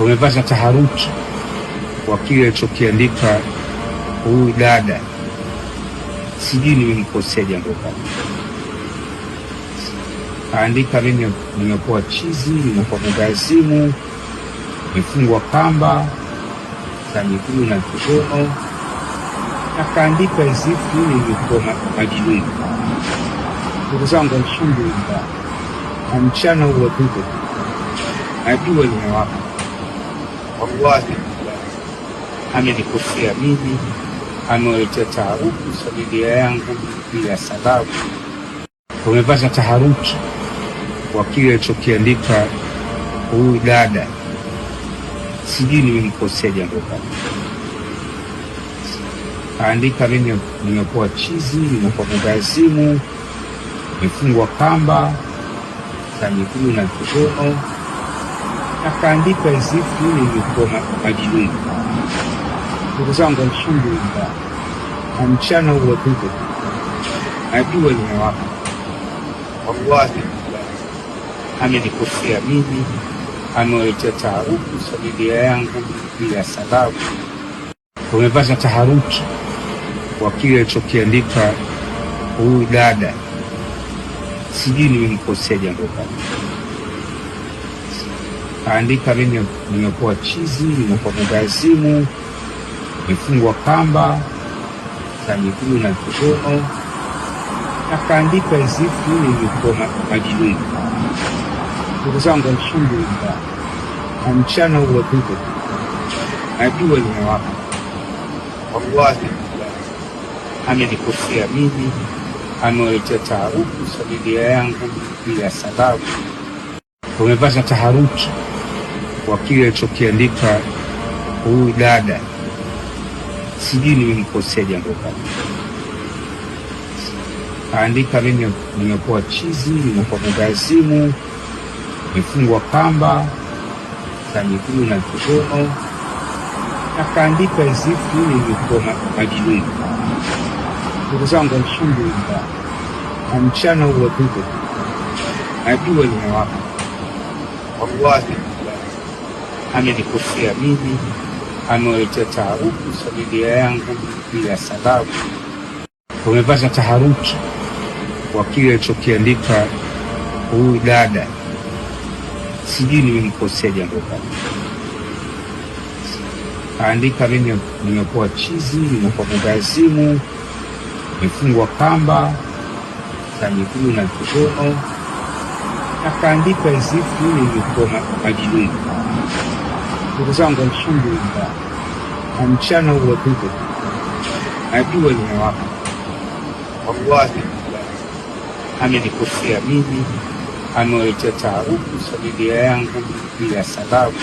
wamepata taharuki kwa kile alichokiandika huyu dada. Sijui nimemkosea jambo gani. Kaandika mimi nimekuwa chizi, nimekuwa mgazimu, nimefungwa kamba za miguu na kiuno, nakaandika izifu ili nikuwa majinuni. Ndugu zangu, alhamdulillah, na mchana huwa dugo, najua limewapa wallahi amenikosea mimi, amewaletea taharuki familia yangu bila sababu. Umepata taharuki kwa kile alichokiandika huyu dada. Sijui nimemkosea jambo gani. Kaandika mimi nimekuwa chizi, nimekuwa mgazimu, nimefungwa kamba za miguu na kiuno akaandika Isifu ilikuwa majungu. Ndugu zangu, alhamdulillah, na mchana huo tuko na jua limewaka. Wallahi amenikosea mimi, amewaletea taharuki familia yangu bila sababu. Wamepata taharuki kwa kile alichokiandika huyu dada, sijui nimemkosea jambo gani kaandika, mimi nimekuwa chizi, nimekuwa mgazimu, nimefungwa kamba za miguu na mikono, nakaandika ziku izifu nilikuwa majinuni. Ndugu zangu, ba na mchana huo na najua limewaka. Wallahi amenikosea mimi, amewaletea taharuki familia yangu bila sababu, wamepata taharuki kwa kile alichokiandika huyu dada, sijui nimemkosea jambo gani. Kaandika mimi nimekuwa chizi, nimekuwa mgazimu, nimefungwa kamba za miguu na kigono, nakaandika izifu ili nilikuwa majinuni. Ndugu zangu, alhamdulillah, na mchana huwadugo najua nimewapa wallahi amenikosea mimi, amewaletea taharuki familia yangu bila sababu. Wamepata taharuki kwa kile alichokiandika huyu dada. Sijui nimemkosea jambo gani. Kaandika mimi nimekuwa chizi, nimekuwa mgazimu, nimefungwa kamba za miguu na mikono, akaandika hizifu nimekuwa majinuni ndugu zangu, alhamdulillah, na mchana huo wapiga na jua limewaka. Wallahi amenikosea mimi, amewaletea taarufu familia yangu bila sababu.